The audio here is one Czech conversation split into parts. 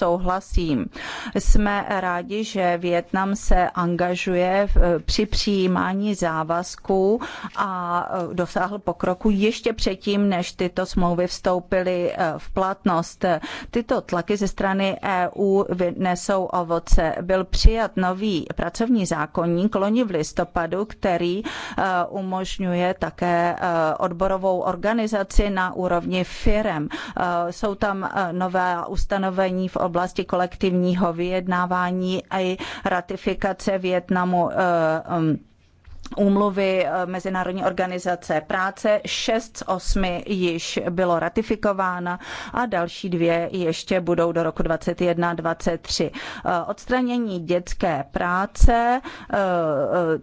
souhlasím. Jsme rádi, že Větnam se angažuje při přijímání závazků a e, dosáhl pokroku ještě předtím, než tyto smlouvy vstoupily e, v platnost. Tyto tlaky ze strany EU nesou ovoce. Byl přijat nový pracovní zákonník loni v listopadu, který e, umožňuje také odborovou organizaci na úrovni firem. Jsou tam nová ustanovení v oblasti oblasti kolektivního vyjednávání a i ratifikace Větnamu. Uh, eh, um, úmluvy eh, Mezinárodní organizace práce. Šest z osmi již bylo ratifikována a další dvě ještě budou do roku 2021-2023. Eh, odstranění dětské práce eh,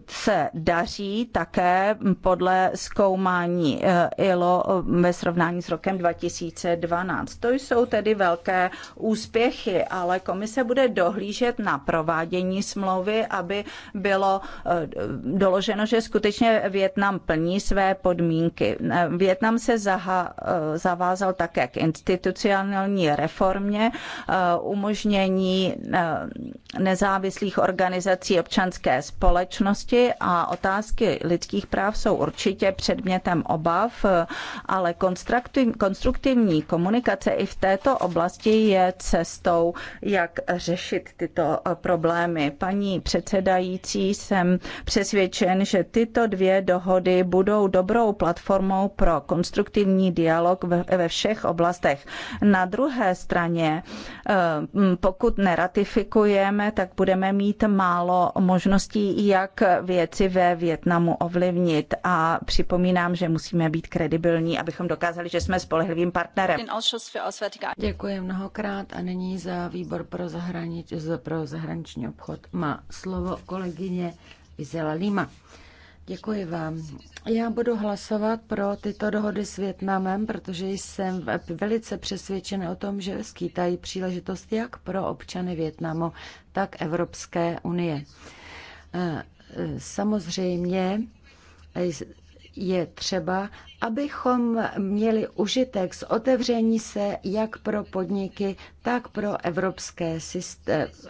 se daří také podle zkoumání ILO ve srovnání s rokem 2012. To jsou tedy velké úspěchy, ale komise bude dohlížet na provádění smlouvy, aby bylo doloženo řečeno, že skutečně Větnam plní své podmínky. Větnam se zaha, eh, zavázal také k institucionální reformě, eh, umožnění eh, nezávislých organizací občanské společnosti a otázky lidských práv jsou určitě předmětem obav, ale konstruktivní komunikace i v této oblasti je cestou, jak řešit tyto problémy. Paní předsedající, jsem přesvědčen, že tyto dvě dohody budou dobrou platformou pro konstruktivní dialog ve všech oblastech. Na druhé straně, eh, pokud neratifikujeme, tak budeme mít málo možností, jak věci ve Větnamu ovlivnit. A připomínám, že musíme být kredibilní, abychom dokázali, že jsme spolehlivým partnerem. Děkuji mnohokrát a nyní za výbor pro, zahranič, pro zahraniční obchod má slovo kolegyně Vizela Lima. Děkuji vám. Já budu hlasovat pro tyto dohody s Větnamem, protože jsem velice přesvědčena o tom, že skýtají příležitost jak pro občany Větnamu, tak Evropské unie. E, e, samozřejmě je třeba, abychom měli užitek z otevření se jak pro podniky, tak pro evropské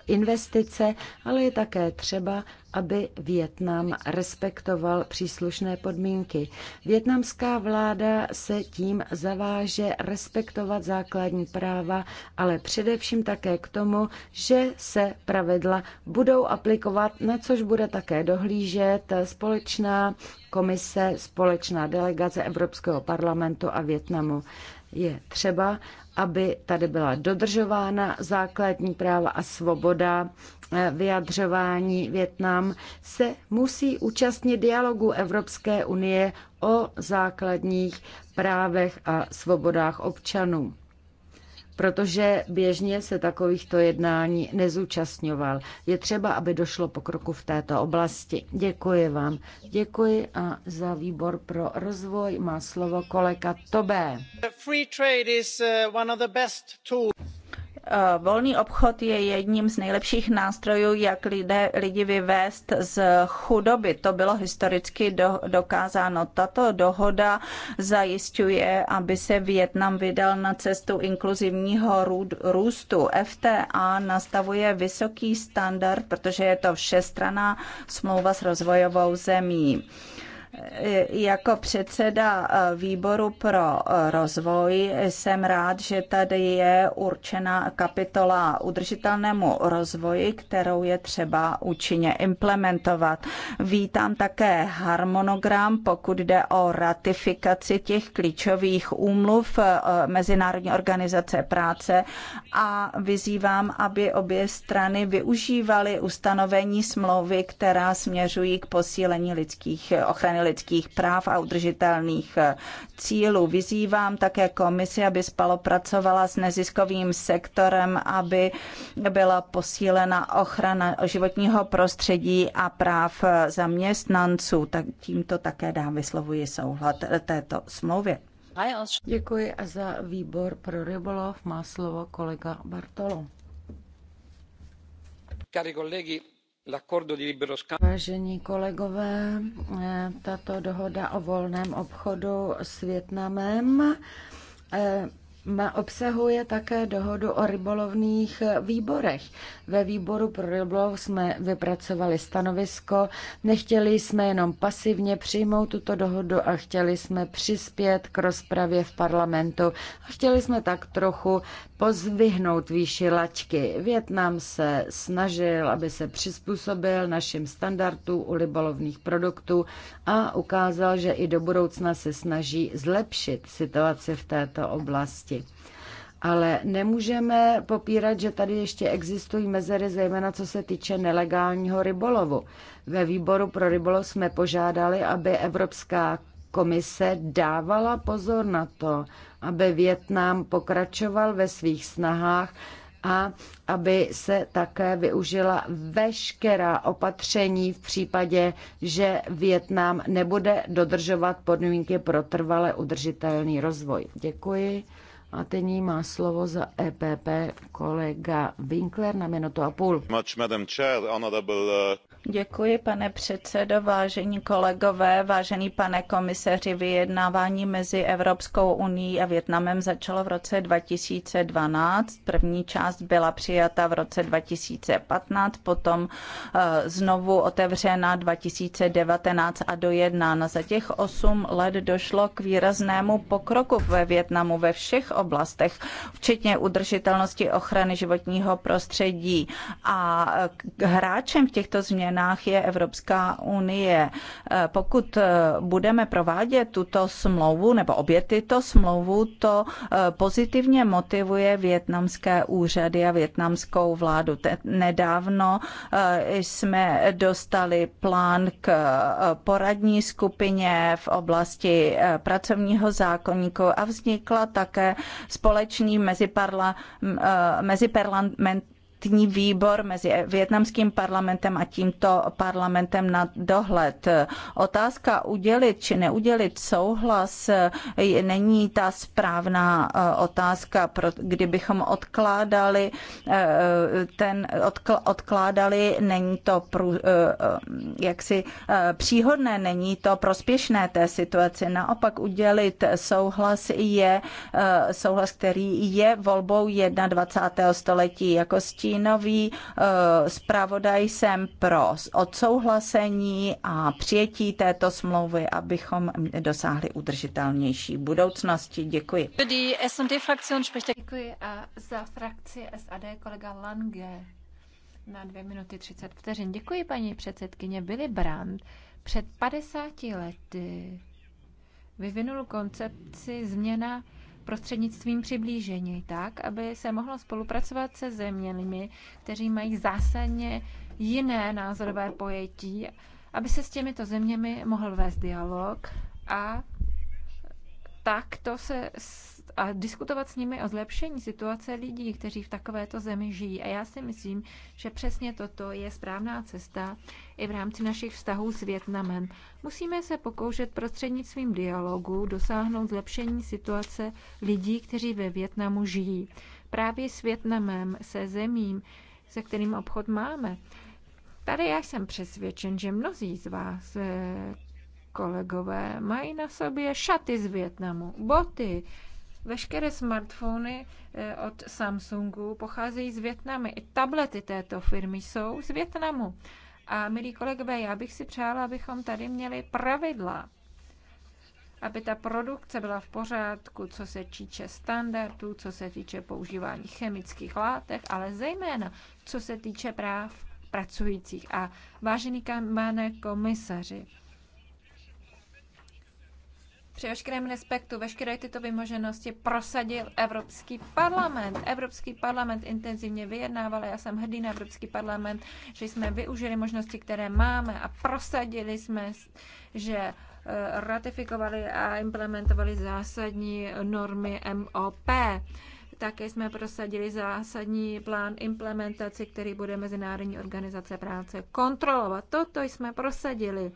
investice, ale je také třeba, aby Větnam respektoval příslušné podmínky. Větnamská vláda se tím zaváže respektovat základní práva, ale především také k tomu, že se pravidla budou aplikovat, na což bude také dohlížet společná komise, společná delegace Evropské Evropského parlamentu a Větnamu. Je třeba, aby tady byla dodržována základní práva a svoboda eh, vyjadřování. Větnam se musí účastnit dialogu Evropské unie o základních právech a svobodách občanů protože běžně se takovýchto jednání nezúčastňoval. Je třeba, aby došlo pokroku v této oblasti. Děkuji vám. Děkuji a za výbor pro rozvoj má slovo kolega Tobé. Eh, volný obchod je jedním z nejlepších nástrojů, jak lidé, lidi vyvést z chudoby. To bylo historicky do, dokázáno. Tato dohoda zajišťuje, aby se Vietnam vydal na cestu inkluzivního růstu. FTA nastavuje vysoký standard, protože je to všestraná smlouva s rozvojovou zemí. Jako předseda eh, výboru pro eh, rozvoj jsem rád, že tady je určena kapitola udržitelnému rozvoji, kterou je třeba účinně implementovat. Vítám také harmonogram, pokud jde o ratifikaci těch klíčových úmluv eh, Mezinárodní organizace práce a vyzývám, aby obě strany využívaly ustanovení smlouvy, která směřují k posílení lidských ochrany ochrany lidských práv a udržitelných eh, cílů. Vyzývám také komisi, aby spolupracovala s neziskovým sektorem, aby byla posílena ochrana životního prostředí a práv eh, zaměstnanců. Tak tímto také dám vyslovuji souhlad eh, této smlouvě. Děkuji za výbor pro rybolov má slovo kolega Bartolo. Cari colleghi, Vážení kolegové, tato dohoda o volném obchodu s Větnamem eh, obsahuje také dohodu o rybolovných výborech. Ve výboru pro rybolov jsme vypracovali stanovisko, nechtěli jsme jenom pasivně přijmout tuto dohodu a chtěli jsme přispět k rozpravě v parlamentu. A chtěli jsme tak trochu pozvihnout výši lačky. Větnam se snažil, aby se přizpůsobil našim standardům u libolovných produktů a ukázal, že i do budoucna se snaží zlepšit situaci v této oblasti. Ale nemůžeme popírat, že tady ještě existují mezery, zejména co se týče nelegálního rybolovu. Ve výboru pro rybolov jsme požádali, aby Evropská Komise dávala pozor na to, aby Větnam pokračoval ve svých snahách a aby se také využila veškerá opatření v případě, že Větnam nebude dodržovat podmínky pro trvale udržitelný rozvoj. Děkuji. A teď má slovo za EPP kolega Winkler na minutu a půl. Much, madam chair, honorable... Uh, Děkuji, pane předsedo, vážení kolegové, vážený pane komisaři. Vyjednávání mezi Evropskou unií a Vietnamem začalo v roce 2012. První část byla přijata v roce 2015, potom eh, znovu otevřena 2019 a dojednána. Za těch osm let došlo k výraznému pokroku ve Vietnamu ve všech oblastech, včetně udržitelnosti ochrany životního prostředí. A eh, hráčem v těchto změn stranách je Evropská unie. Eh, pokud eh, budeme provádět tuto smlouvu nebo obě tyto smlouvu, to eh, pozitivně motivuje větnamské úřady a větnamskou vládu. Nedávno jsme dostali plán k poradní skupině v oblasti pracovního zákonníku a vznikla také společný meziparla, meziparlament, kontaktní výbor mezi větnamským parlamentem a tímto parlamentem na dohled. Otázka udělit či neudělit souhlas eh, není ta správná eh, otázka, kdybychom odkládali eh, ten odkládali, není to jaksi příhodné, není to prospěšné té situaci. Naopak udělit souhlas je souhlas, který je volbou 21. století jako stín stínový eh, zpravodaj jsem pro odsouhlasení a přijetí této smlouvy, abychom dosáhli udržitelnější budoucnosti. Děkuji. Děkuji a za frakci SAD kolega Lange na 2 minuty 30 vteřin. Děkuji, paní předsedkyně. Billy Brandt před 50 lety vyvinul koncepci změna prostřednictvím přiblížení, tak, aby se mohlo spolupracovat se zeměmi, kteří mají zásadně jiné názorové pojetí, aby se s těmito zeměmi mohl vést dialog a takto se a diskutovat s nimi o zlepšení situace lidí, kteří v takovéto zemi žijí. A já si myslím, že přesně toto je správná cesta i v rámci našich vztahů s Větnamem. Musíme se pokoušet prostřednictvím dialogu dosáhnout zlepšení situace lidí, kteří ve Větnamu žijí. Právě s Větnamem, se zemím, se kterým obchod máme. Tady já jsem přesvědčen, že mnozí z vás, eh, kolegové, mají na sobě šaty z Větnamu, boty, Veškeré smartfony eh, od Samsungu pocházejí z Větnamy. I tablety této firmy jsou z Větnamu. A milí kolegové, já bych si přála, abychom tady měli pravidla, aby ta produkce byla v pořádku, co se týče standardů, co se týče používání chemických látek, ale zejména co se týče práv pracujících. A vážený pane komisaři, při veškerém respektu veškeré tyto vymoženosti prosadil Evropský parlament. Evropský parlament intenzivně vyjednával, já jsem hrdý na Evropský parlament, že jsme využili možnosti, které máme a prosadili jsme, že eh, ratifikovali a implementovali zásadní normy MOP. Také jsme prosadili zásadní plán implementace, který bude Mezinárodní organizace práce kontrolovat. Toto jsme prosadili.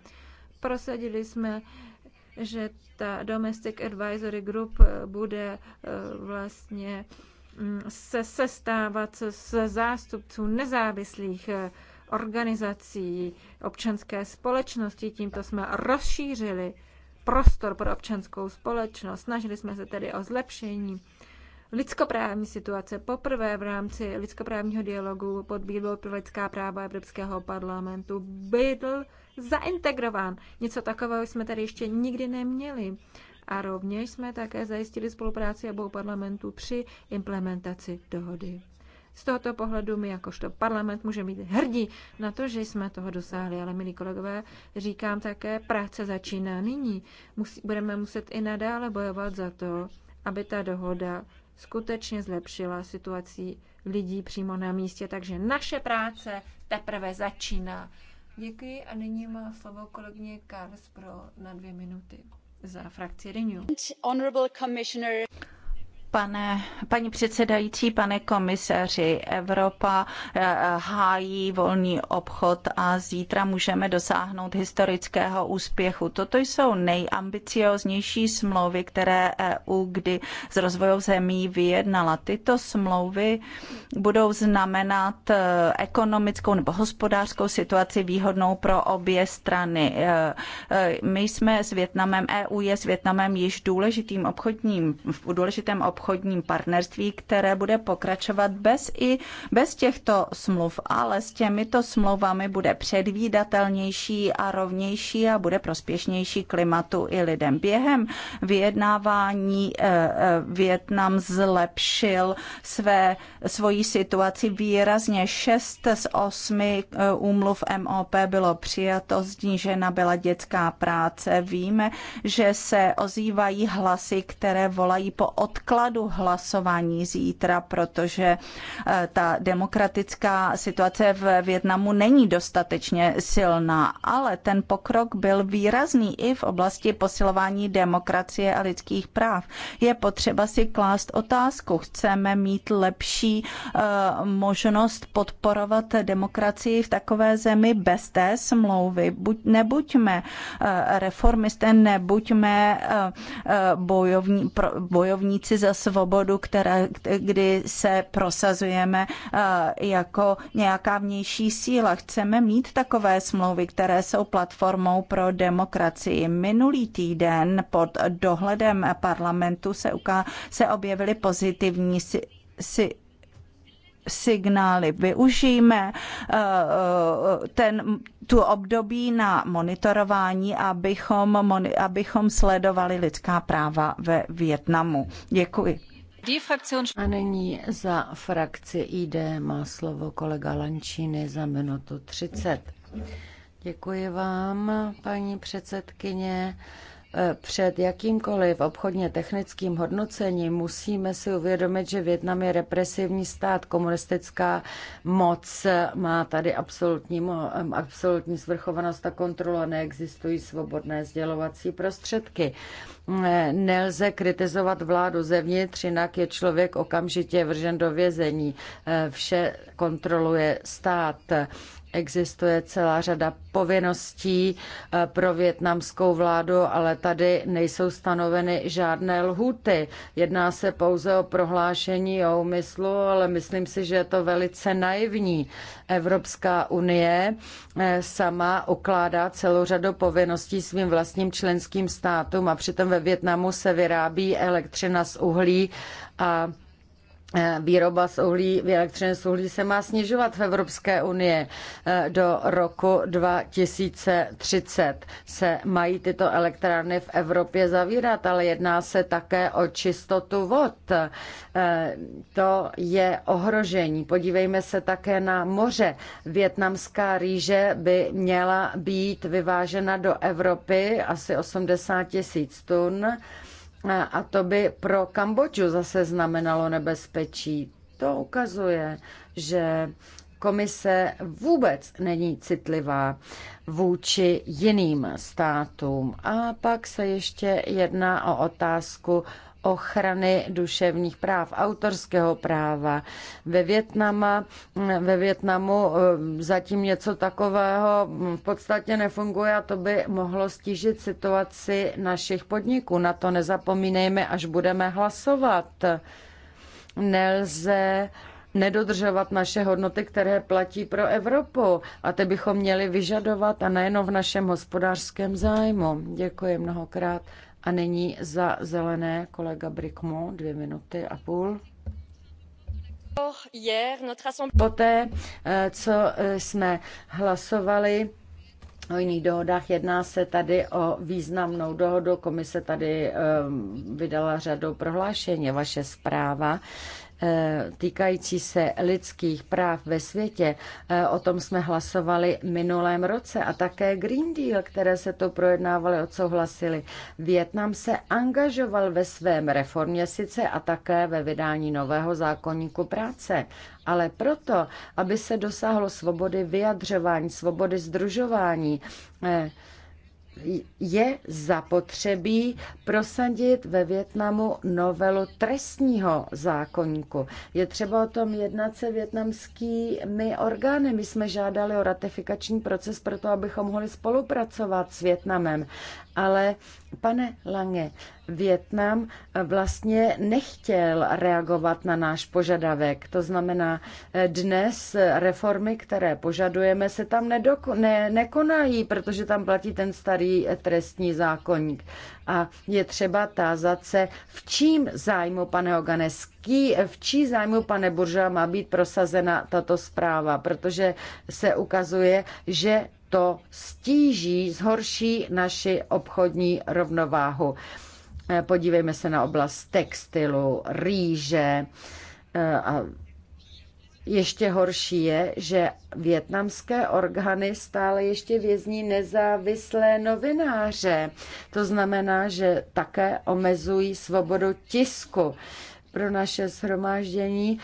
Prosadili jsme že ta Domestic Advisory Group eh, bude eh, vlastně mm, se sestávat z zástupců nezávislých eh, organizací občanské společnosti. Tímto jsme rozšířili prostor pro občanskou společnost. Snažili jsme se tedy o zlepšení lidskoprávní situace poprvé v rámci lidskoprávního dialogu pod bílou pro lidská práva Evropského parlamentu Bydl zaintegrován. Něco takového jsme tady ještě nikdy neměli. A rovněž jsme také zajistili spolupráci obou parlamentů při implementaci dohody. Z tohoto pohledu my jakožto parlament můžeme být hrdí na to, že jsme toho dosáhli, ale milí kolegové, říkám také, práce začíná nyní. Musí, budeme muset i nadále bojovat za to, aby ta dohoda skutečně zlepšila situaci lidí přímo na místě, takže naše práce teprve začíná. Děkuji a nyní má slovo kolegyně Kars pro na dvě minuty za frakci Renew. Pane, paní předsedající, pane komisaři, Evropa eh, hájí volný obchod a zítra můžeme dosáhnout historického úspěchu. Toto jsou nejambicioznější smlouvy, které EU kdy s rozvojovou zemí vyjednala. Tyto smlouvy budou znamenat eh, ekonomickou nebo hospodářskou situaci výhodnou pro obě strany. Eh, my jsme s Větnamem, EU je s Větnamem již důležitým obchodním, v důležitém obchodním obchodním partnerství, které bude pokračovat bez i bez těchto smluv, ale s těmito smlouvami bude předvídatelnější a rovnější a bude prospěšnější klimatu i lidem. Během vyjednávání eh, eh, Větnam zlepšil své, svoji situaci výrazně. Šest z osmi eh, úmluv MOP bylo přijato, znížena byla dětská práce. Víme, že se ozývají hlasy, které volají po odkladu základu hlasování zítra, protože eh, ta demokratická situace v Větnamu není dostatečně silná, ale ten pokrok byl výrazný i v oblasti posilování demokracie a lidských práv. Je potřeba si klást otázku, chceme mít lepší eh, možnost podporovat demokracii v takové zemi bez té smlouvy. Buď, nebuďme eh, reformisté, nebuďme bojovní, bojovníci za svobodu, které, kdy se prosazujeme eh, jako nějaká vnější síla. Chceme mít takové smlouvy, které jsou platformou pro demokracii. Minulý týden pod dohledem parlamentu se, uká- se objevily pozitivní si, si signály. využijme eh, eh, ten, tu období na monitorování, abychom, abychom sledovali lidská práva ve Vietnamu. Děkuji. A nyní za frakci ID má slovo kolega Lančíny za minutu 30. Děkuji vám, paní předsedkyně. Před jakýmkoliv obchodně technickým hodnocením musíme si uvědomit, že Větnam je represivní stát. Komunistická moc má tady absolutní, absolutní svrchovanost a kontrolu a neexistují svobodné sdělovací prostředky. Nelze kritizovat vládu zevnitř, jinak je člověk okamžitě vržen do vězení. Vše kontroluje stát existuje celá řada povinností eh, pro větnamskou vládu, ale tady nejsou stanoveny žádné lhuty. Jedná se pouze o prohlášení o úmyslu, ale myslím si, že je to velice naivní. Evropská unie eh, sama ukládá celou řadu povinností svým vlastním členským státům a přitom ve Větnamu se vyrábí elektřina z uhlí a Eh, výroba z uhlí, elektřiny z uhlí se má snižovat v Evropské unii. Eh, do roku 2030 se mají tyto elektrárny v Evropě zavírat, ale jedná se také o čistotu vod. Eh, to je ohrožení. Podívejme se také na moře. Větnamská rýže by měla být vyvážena do Evropy asi 80 tisíc tun a to by pro Kambodžu zase znamenalo nebezpečí. To ukazuje, že komise vůbec není citlivá vůči jiným státům. A pak se ještě jedná o otázku ochrany duševních práv, autorského práva. Ve, Větnama, ve Větnamu eh, zatím něco takového v podstatě nefunguje a to by mohlo stížit situaci našich podniků. Na to nezapomínejme, až budeme hlasovat. Nelze nedodržovat naše hodnoty, které platí pro Evropu. A ty bychom měli vyžadovat a nejenom v našem hospodářském zájmu. Děkuji mnohokrát. A nyní za zelené kolega Brikmo, dvě minuty a půl. Poté, eh, co eh, jsme hlasovali o jiných dohodách, jedná se tady o významnou dohodu. Komise tady eh, vydala řadu prohlášení. Vaše zpráva Eh, týkající se lidských práv ve světě. Eh, o tom jsme hlasovali minulém roce a také Green Deal, které se to projednávali, odsouhlasili. Větnam se angažoval ve svém reformě sice a také ve vydání nového zákonníku práce, ale proto, aby se dosáhlo svobody vyjadřování, svobody združování, eh, je zapotřebí prosadit ve Větnamu novelu trestního zákonníku. Je třeba o tom jednat se větnamskými orgány. My jsme žádali o ratifikační proces proto, abychom mohli spolupracovat s Větnamem. Ale pane Lange, Větnam vlastně nechtěl reagovat na náš požadavek. To znamená, dnes reformy, které požadujeme, se tam nedoko- ne- nekonají, protože tam platí ten starý trestní zákonník. A je třeba tázat se, v čím zájmu, pane Oganeský, v čí zájmu, pane Burža, má být prosazena tato zpráva, protože se ukazuje, že to stíží, zhorší naši obchodní rovnováhu. Eh, podívejme se na oblast textilu, rýže eh, a ještě horší je, že větnamské orgány stále ještě vězní nezávislé novináře. To znamená, že také omezují svobodu tisku pro naše shromáždění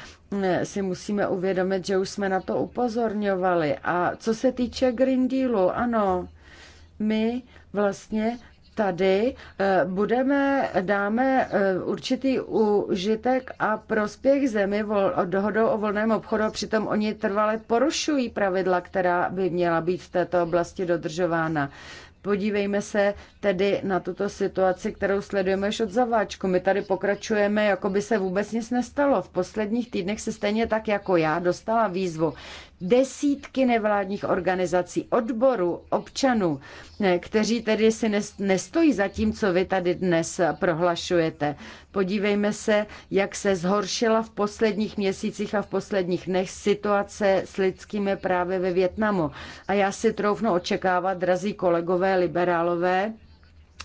si musíme uvědomit, že už jsme na to upozorňovali. A co se týče Green Dealu, ano, my vlastně tady eh, budeme, dáme eh, určitý užitek a prospěch zemi dohodou o volném obchodu, přitom oni trvale porušují pravidla, která by měla být v této oblasti dodržována. Podívejme se tedy na tuto situaci, kterou sledujeme už od zaváčku. My tady pokračujeme, jako by se vůbec nic nestalo. V posledních týdnech se stejně tak jako já dostala výzvu, desítky nevládních organizací, odborů, občanů, kteří tedy si nestojí za tím, co vy tady dnes prohlašujete. Podívejme se, jak se zhoršila v posledních měsících a v posledních dnech situace s lidskými právy ve Větnamu. A já si troufnu očekávat, drazí kolegové liberálové,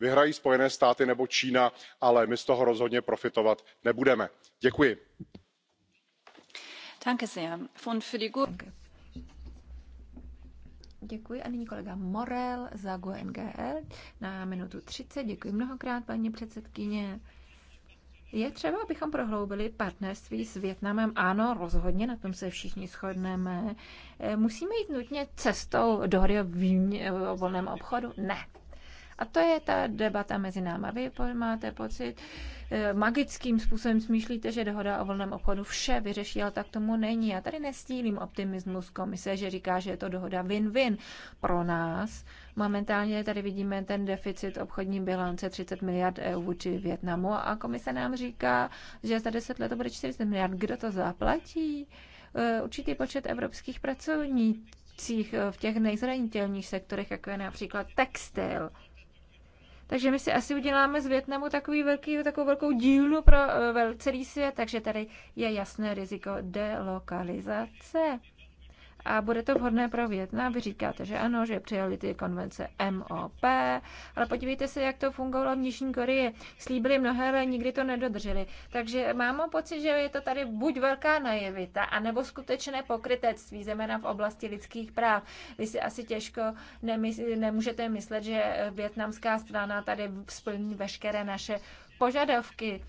vyhrají spojené státy nebo čína ale my z toho rozhodně profitovat nebudeme. děkuji. Děkuji a nyní kolega za GUE e na minutu 30. Děkuji mnohokrát, paní předsedkyně. Je třeba, abychom prohloubili partnerství s Vietnamem? Ano, rozhodně, na tom se všichni shodneme. E, musíme jít nutně cestou dohody o, o volném obchodu? Ne. A to je ta debata mezi náma. Vy máte pocit, eh, magickým způsobem smýšlíte, že dohoda o volném obchodu vše vyřeší, ale tak tomu není. Já tady nestílím optimismus komise, že říká, že je to dohoda win-win pro nás. Momentálně tady vidíme ten deficit obchodní bilance 30 miliard EU vůči Větnamu a komise nám říká, že za 10 let to bude 40 miliard. Kdo to zaplatí? Eh, určitý počet evropských pracovnících eh, v těch nejzranitelnějších sektorech, jako je například textil takže my si asi uděláme z Větnamu takový velký, takovou velkou dílnu pro eh, celý svět, takže tady je jasné riziko delokalizace a bude to vhodné pro Větnam. Vy říkáte, že ano, že přijali ty konvence MOP, ale podívejte se, jak to fungovalo v Nižní Koreji. Slíbili mnohé, ale nikdy to nedodrželi. Takže mám pocit, že je to tady buď velká naivita, anebo skutečné pokrytectví, zejména v oblasti lidských práv. Vy si asi těžko nemysl- nemůžete myslet, že větnamská strana tady splní veškeré naše požadavky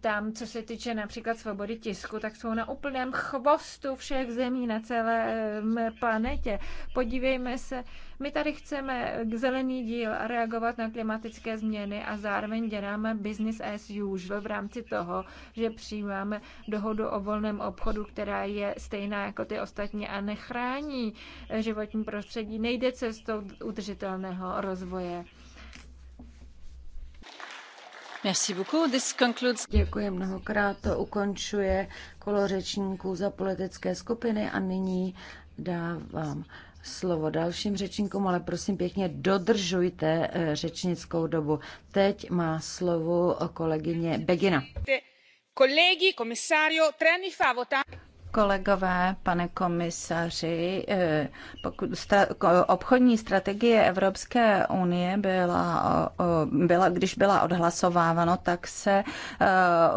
tam, co se týče například svobody tisku, tak jsou na úplném chvostu všech zemí na celém planetě. Podívejme se, my tady chceme k zelený díl reagovat na klimatické změny a zároveň děláme business as usual v rámci toho, že přijímáme dohodu o volném obchodu, která je stejná jako ty ostatní a nechrání životní prostředí. Nejde cestou udržitelného rozvoje. Děkuji mnohokrát. To ukončuje kolo řečníků za politické skupiny a nyní dávám slovo dalším řečníkům, ale prosím pěkně dodržujte eh, řečnickou dobu. Teď má slovo kolegyně Begina. Kolegové, pane komisaři, eh, pokud stra, obchodní strategie Evropské unie byla, byla, když byla odhlasováváno, tak se eh,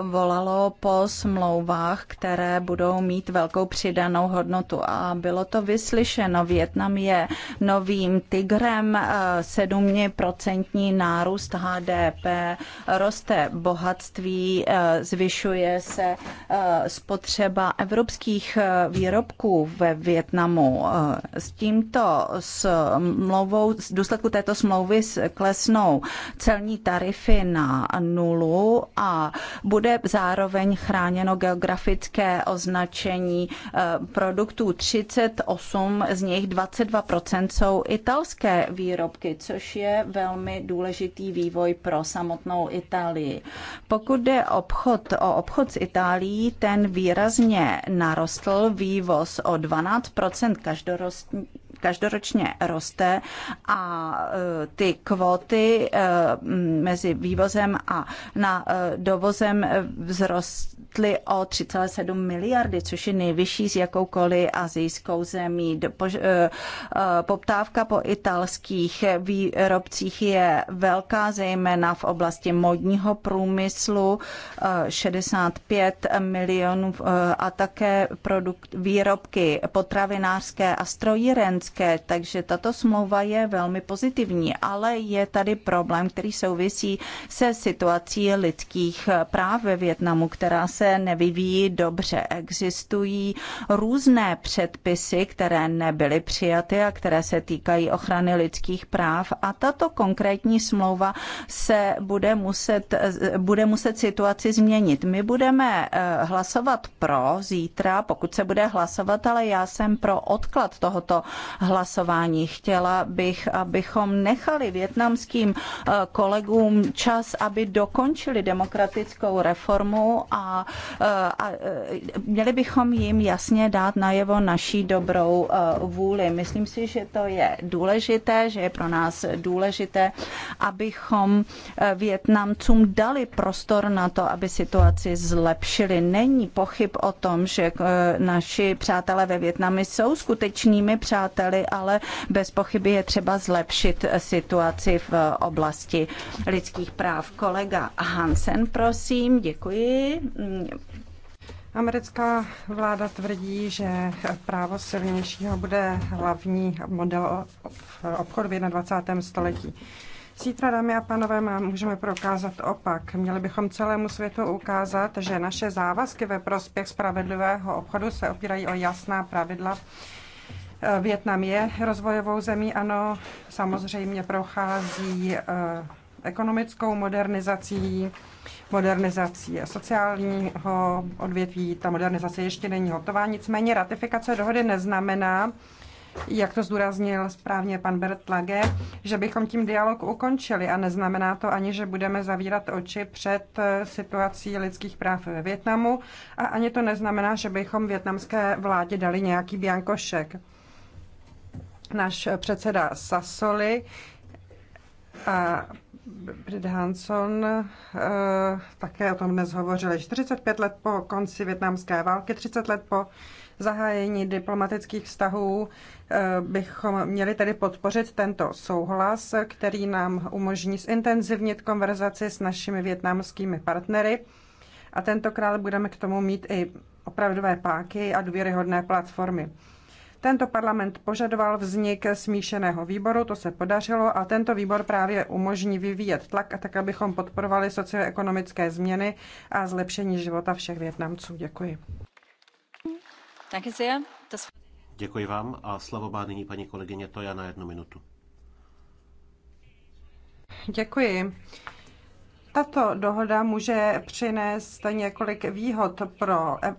volalo po smlouvách, které budou mít velkou přidanou hodnotu. A bylo to vyslyšeno. Větnam je novým tigrem, 7% eh, nárůst HDP, roste bohatství, zvyšuje se spotřeba evropských chemických eh, výrobků ve Větnamu. Eh, s tímto smlouvou, s důsledku této smlouvy klesnou celní tarify na nulu a bude zároveň chráněno geografické označení eh, produktů. 38 z nich 22% jsou italské výrobky, což je velmi důležitý vývoj pro samotnou Itálii. Pokud jde obchod, o obchod s Itálií, ten výrazně na narostl vývoz o 12 každoročně každoročně roste a e, ty kvóty e, mezi vývozem a na e, dovozem vzrostly o 3,7 miliardy, což je nejvyšší z jakoukoliv azijskou zemí. Poptávka po italských výrobcích je velká, zejména v oblasti modního průmyslu 65 milionů a také produkt, výrobky potravinářské a strojírenské nízké, takže tato smlouva je velmi pozitivní, ale je tady problém, který souvisí se situací lidských práv ve Větnamu, která se nevyvíjí dobře. Existují různé předpisy, které nebyly přijaty a které se týkají ochrany lidských práv a tato konkrétní smlouva se bude muset, bude muset situaci změnit. My budeme eh, hlasovat pro zítra, pokud se bude hlasovat, ale já jsem pro odklad tohoto hlasování. Chtěla bych, abychom nechali větnamským eh, kolegům čas, aby dokončili demokratickou reformu a, eh, a eh, měli bychom jim jasně dát najevo naší dobrou vůli. Myslím si, že to je důležité, že je pro nás důležité, abychom Větnamcům dali prostor na to, aby situaci zlepšili. Není pochyb o tom, že naši přátelé ve Větnamu jsou skutečnými přáteli udělali, ale bez pochyby je třeba zlepšit situaci v oblasti lidských práv. Kolega Hansen, prosím, děkuji. Americká vláda tvrdí, že právo silnějšího bude hlavní model v obchodu v 21. století. Zítra, dámy a pánové, můžeme prokázat opak. Měli bychom celému světu ukázat, že naše závazky ve prospěch spravedlivého obchodu se opírají o jasná pravidla Větnam je rozvojovou zemí, ano, samozřejmě prochází eh, ekonomickou modernizací, modernizací sociálního odvětví. Ta modernizace ještě není hotová, nicméně ratifikace dohody neznamená, jak to zdůraznil správně pan Bert Lage, že bychom tím dialog ukončili a neznamená to ani, že budeme zavírat oči před eh, situací lidských práv ve Větnamu a ani to neznamená, že bychom větnamské vládě dali nějaký biankošek náš předseda Sasoli a Brit Hanson eh, také o tom dnes hovořili. 45 let po konci větnamské války, 30 let po zahájení diplomatických vztahů eh, bychom měli tedy podpořit tento souhlas, který nám umožní zintenzivnit konverzaci s našimi větnamskými partnery. A tentokrát budeme k tomu mít i opravdové páky a důvěryhodné platformy. Tento parlament požadoval vznik smíšeného výboru, to se podařilo a tento výbor právě umožní vyvíjet tlak, tak abychom podporovali socioekonomické změny a zlepšení života všech Větnamců. Děkuji. Děkuji vám a slovo má nyní paní kolegyně Toja na jednu minutu. Děkuji. Tato dohoda může přinést několik výhod pro eh,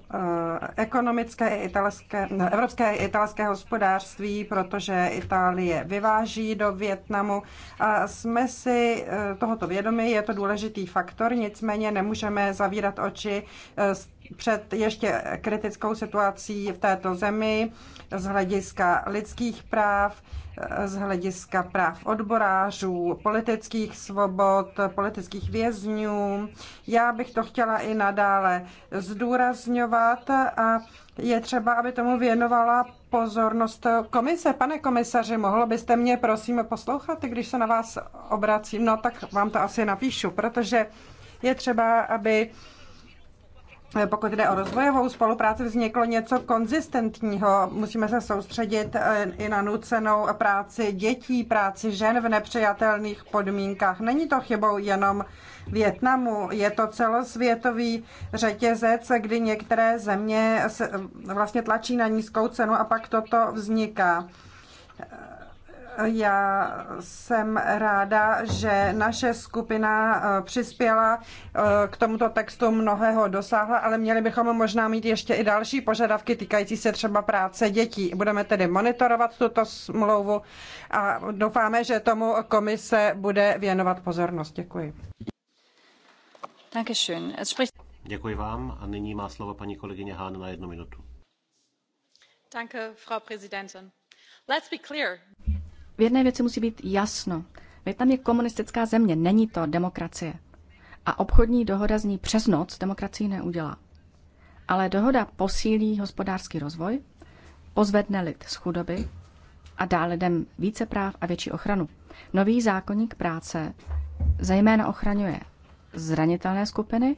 ekonomické i italské, no, evropské i italské hospodářství, protože Itálie vyváží do Větnamu. A jsme si eh, tohoto vědomi, je to důležitý faktor, nicméně nemůžeme zavírat oči eh, před ještě kritickou situací v této zemi z hlediska lidských práv, z hlediska práv odborářů, politických svobod, politických vězňů. Já bych to chtěla i nadále zdůrazňovat a je třeba, aby tomu věnovala pozornost komise. Pane komisaři, mohlo byste mě prosím poslouchat, když se na vás obracím? No tak vám to asi napíšu, protože je třeba, aby pokud jde o rozvojovou spolupráci, vzniklo něco konzistentního. Musíme se soustředit eh, i na nucenou práci dětí, práci žen v nepřijatelných podmínkách. Není to chybou jenom Větnamu, je to celosvětový řetězec, kdy některé země eh, vlastně tlačí na nízkou cenu a pak toto vzniká já jsem ráda, že naše skupina eh, přispěla eh, k tomuto textu mnohého dosáhla, ale měli bychom možná mít ještě i další požadavky týkající se třeba práce dětí. Budeme tedy monitorovat tuto smlouvu a doufáme, že tomu komise bude věnovat pozornost. Děkuji. Děkuji vám a nyní má slovo paní kolegyně Hán na jednu minutu. Děkuji, Frau Präsidentin. Let's be clear v jedné věci musí být jasno. Větnam je komunistická země, není to demokracie. A obchodní dohoda z ní přes noc demokracii neudělá. Ale dohoda posílí hospodářský rozvoj, pozvedne lid z chudoby a dá lidem více práv a větší ochranu. Nový zákonník práce zejména ochraňuje zranitelné skupiny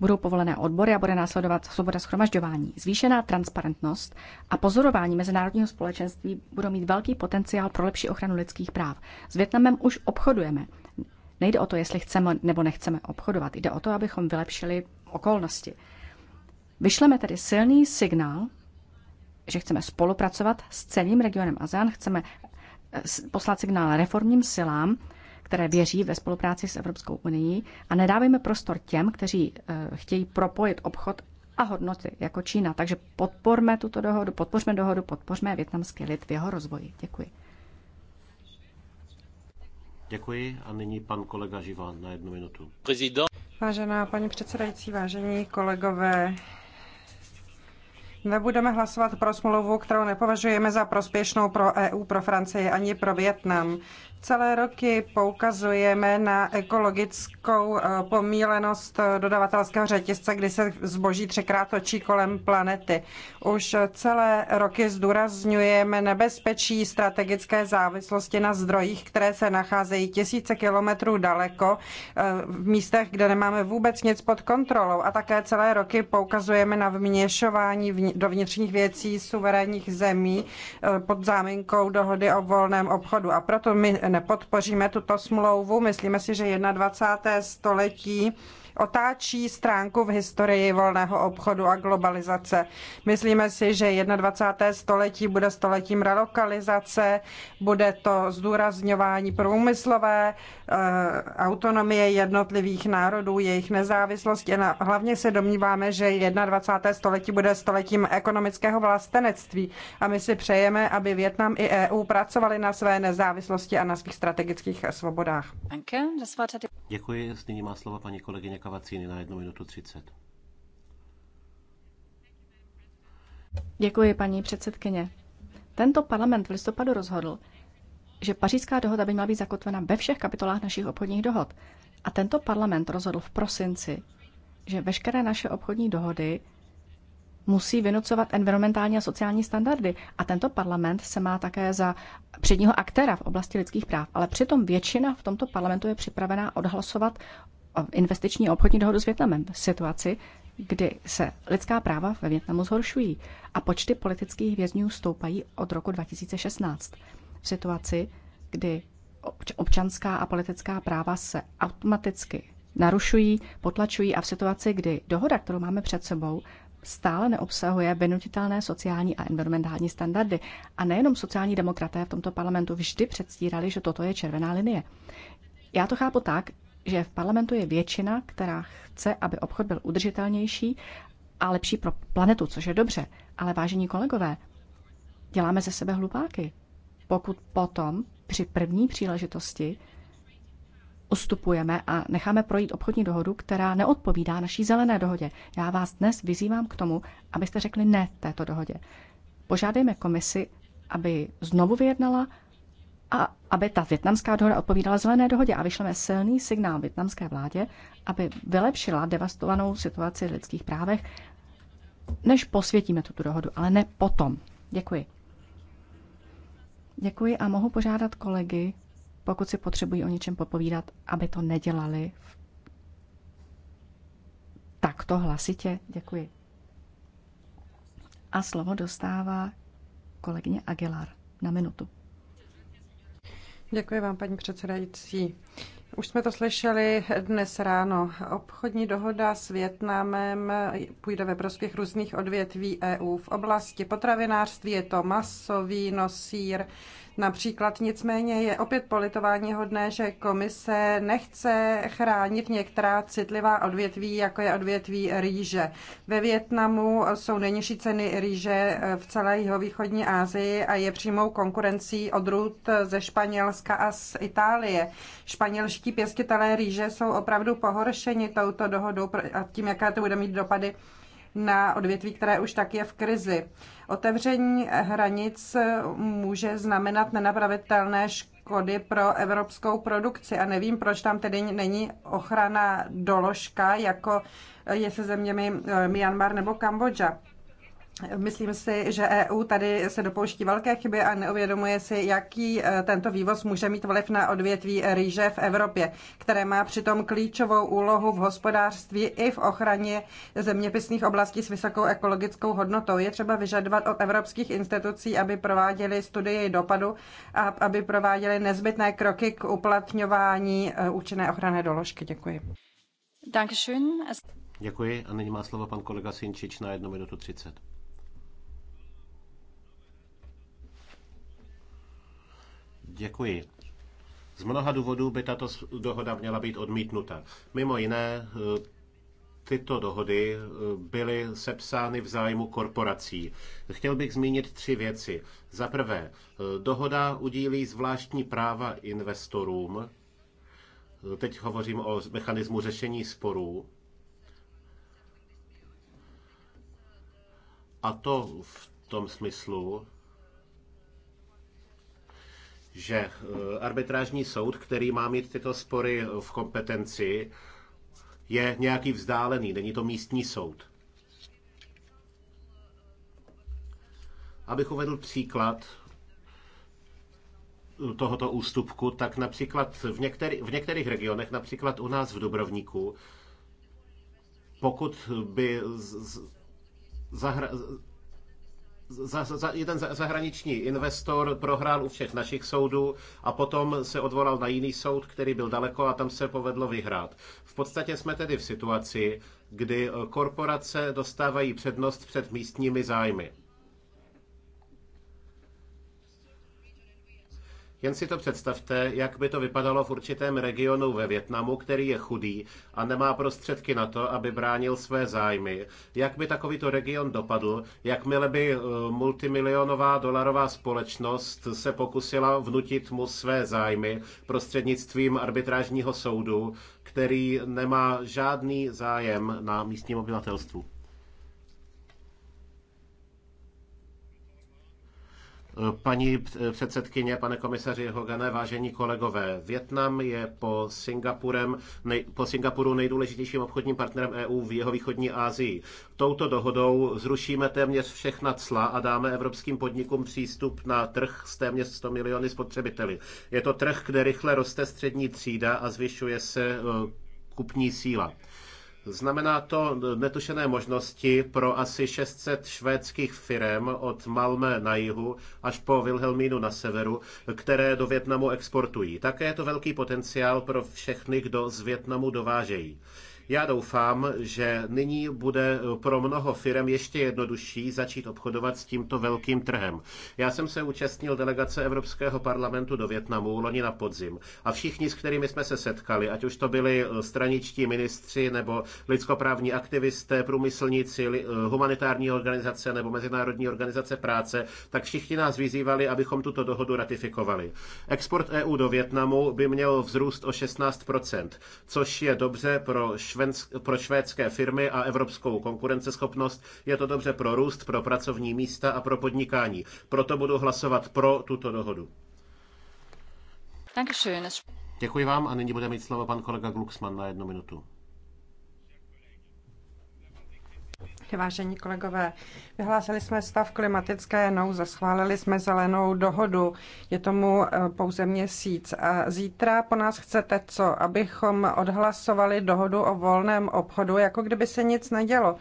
budou povolené odbory a bude následovat svoboda schromažďování. Zvýšená transparentnost a pozorování mezinárodního společenství budou mít velký potenciál pro lepší ochranu lidských práv. S Větnamem už obchodujeme. Nejde o to, jestli chceme nebo nechceme obchodovat. Jde o to, abychom vylepšili okolnosti. Vyšleme tedy silný signál, že chceme spolupracovat s celým regionem ASEAN, chceme eh, poslat signál reformním silám které věří ve spolupráci s Evropskou unii a nedávejme prostor těm, kteří eh, chtějí propojit obchod a hodnoty jako Čína. Takže podporme tuto dohodu, podpořme dohodu, podpořme větnamský lid v jeho rozvoji. Děkuji. Děkuji a nyní pan kolega Živán na jednu minutu. Prezident. Vážená paní předsedající, vážení kolegové, Nebudeme hlasovat pro smlouvu, kterou nepovažujeme za prospěšnou pro EU, pro Francii ani pro Větnam. Celé roky poukazujeme na ekologickou eh, pomílenost dodavatelského řetězce, kdy se zboží třikrát točí kolem planety. Už celé roky zdůrazňujeme nebezpečí strategické závislosti na zdrojích, které se nacházejí tisíce kilometrů daleko, eh, v místech, kde nemáme vůbec nic pod kontrolou. A také celé roky poukazujeme na vměšování do vnitřních věcí suverénních zemí eh, pod záminkou dohody o volném obchodu. A proto my nepodpoříme tuto smlouvu. Myslíme si, že 21. století otáčí stránku v historii volného obchodu a globalizace. Myslíme si, že 21. století bude stoletím relokalizace, bude to zdůrazňování průmyslové eh, autonomie jednotlivých národů, jejich nezávislosti. A hlavně se domníváme, že 21. století bude stoletím ekonomického vlastenectví a my si přejeme, aby Větnam i EU pracovali na své nezávislosti a na svých strategických svobodách. Děkuji, nyní má slovo paní kolegyně Kavacíny na 1 minutu 30. Děkuji, paní předsedkyně. Tento parlament v listopadu rozhodl, že pařížská dohoda by měla být zakotvena ve všech kapitolách našich obchodních dohod. A tento parlament rozhodl v prosinci, že veškeré naše obchodní dohody musí vynucovat environmentální a sociální standardy. A tento parlament se má také za předního aktéra v oblasti lidských práv. Ale přitom většina v tomto parlamentu je připravená odhlasovat investiční a obchodní dohodu s Větnamem v situaci, kdy se lidská práva ve Větnamu zhoršují a počty politických vězňů stoupají od roku 2016. V situaci, kdy občanská a politická práva se automaticky narušují, potlačují a v situaci, kdy dohoda, kterou máme před sebou, stále neobsahuje vynutitelné sociální a environmentální standardy. A nejenom sociální demokraté v tomto parlamentu vždy předstírali, že toto je červená linie. Já to chápu tak, že v parlamentu je většina, která chce, aby obchod byl udržitelnější a lepší pro planetu, což je dobře. Ale vážení kolegové, děláme ze sebe hlupáky, pokud potom při první příležitosti ustupujeme a necháme projít obchodní dohodu, která neodpovídá naší zelené dohodě. Já vás dnes vyzývám k tomu, abyste řekli ne této dohodě. Požádejme komisi, aby znovu vyjednala a aby ta větnamská dohoda odpovídala zelené dohodě a vyšleme silný signál větnamské vládě, aby vylepšila devastovanou situaci v lidských právech, než posvětíme tuto dohodu, ale ne potom. Děkuji. Děkuji a mohu požádat kolegy, pokud si potřebují o něčem popovídat, aby to nedělali takto hlasitě. Děkuji. A slovo dostává kolegyně Aguilar na minutu. Děkuji vám, paní předsedající. Už jsme to slyšeli dnes ráno. Obchodní dohoda s Větnamem půjde ve prospěch různých odvětví EU. V oblasti potravinářství je to maso, víno, sír například. Nicméně je opět politování hodné, že komise nechce chránit některá citlivá odvětví, jako je odvětví rýže. Ve Větnamu jsou nejnižší ceny rýže v celé jihovýchodní Asii a je přímou konkurencí odrůd ze Španělska a z Itálie. Španělští čeští pěstitelé rýže jsou opravdu pohoršeni touto dohodou a tím, jaké to bude mít dopady na odvětví, které už tak je v krizi. Otevření hranic může znamenat nenapravitelné škody pro evropskou produkci a nevím, proč tam tedy není ochrana doložka, jako je se zeměmi eh, Myanmar nebo Kambodža. Myslím si, že EU tady se dopouští velké chyby a neuvědomuje si, jaký e, tento vývoz může mít vliv na odvětví rýže v Evropě, které má přitom klíčovou úlohu v hospodářství i v ochraně zeměpisných oblastí s vysokou ekologickou hodnotou. Je třeba vyžadovat od evropských institucí, aby prováděly studie dopadu a aby prováděly nezbytné kroky k uplatňování e, účinné ochranné doložky. Děkuji. Děkuji a nyní má slovo pan kolega Sinčič na 1 minutu 30. Děkuji. Z mnoha důvodů by tato dohoda měla být odmítnuta. Mimo jiné, eh, tyto dohody eh, byly sepsány v zájmu korporací. Chtěl bych zmínit tři věci. Za prvé, eh, dohoda udílí zvláštní práva investorům. Teď hovořím o mechanismu řešení sporů. A to v tom smyslu, že eh, arbitrážní soud, který má mít tyto spory eh, v kompetenci, je nějaký vzdálený, není to místní soud. Abych uvedl příklad eh, tohoto ústupku, tak například v, některý, v některých regionech, například u nás v Dubrovníku, pokud by z, z, zahra, za, za, jeden zahraniční investor prohrál u všech našich soudů a potom se odvolal na jiný soud, který byl daleko a tam se povedlo vyhrát. V podstatě jsme tedy v situaci, kdy eh, korporace dostávají přednost před místními zájmy. Jen si to představte, jak by to vypadalo v určitém regionu ve Větnamu, který je chudý a nemá prostředky na to, aby bránil své zájmy. Jak by takovýto region dopadl, jakmile by eh, multimilionová dolarová společnost se pokusila vnutit mu své zájmy prostřednictvím arbitrážního soudu, který nemá žádný zájem na místním obyvatelstvu. Paní předsedkyně, pane komisaři Hogané, vážení kolegové, Větnam je po, Singapurem, nej, po Singapuru nejdůležitějším obchodním partnerem EU v jeho východní Asii. Touto dohodou zrušíme téměř všechna cla a dáme evropským podnikům přístup na trh s téměř 100 miliony spotřebiteli. Je to trh, kde rychle roste střední třída a zvyšuje se e, kupní síla. Znamená to netušené možnosti pro asi 600 švédských firm od Malme na jihu až po Wilhelmínu na severu, které do Větnamu exportují. Také je to velký potenciál pro všechny, kdo z Větnamu dovážejí. Já doufám, že nyní bude pro mnoho firm ještě jednodušší začít obchodovat s tímto velkým trhem. Já jsem se účastnil delegace Evropského parlamentu do Větnamu loni na podzim a všichni, s kterými jsme se setkali, ať už to byli eh, straničtí ministři nebo lidskoprávní aktivisté, průmyslníci, eh, humanitární organizace nebo Mezinárodní organizace práce, tak všichni nás vyzývali, abychom tuto dohodu ratifikovali. Export EU do Větnamu by měl vzrůst o 16%, což je dobře pro pro švédské firmy a evropskou konkurenceschopnost, je to dobře pro růst, pro pracovní místa a pro podnikání. Proto budu hlasovat pro tuto dohodu. Děkuji vám a nyní bude mít slovo pan kolega Glucksmann na jednu minutu. Vážení kolegové, vyhlásili jsme stav klimatické nouze, schválili jsme zelenou dohodu, je tomu eh, pouze měsíc. A zítra po nás chcete co? Abychom odhlasovali dohodu o volném obchodu, jako kdyby se nic nedělo.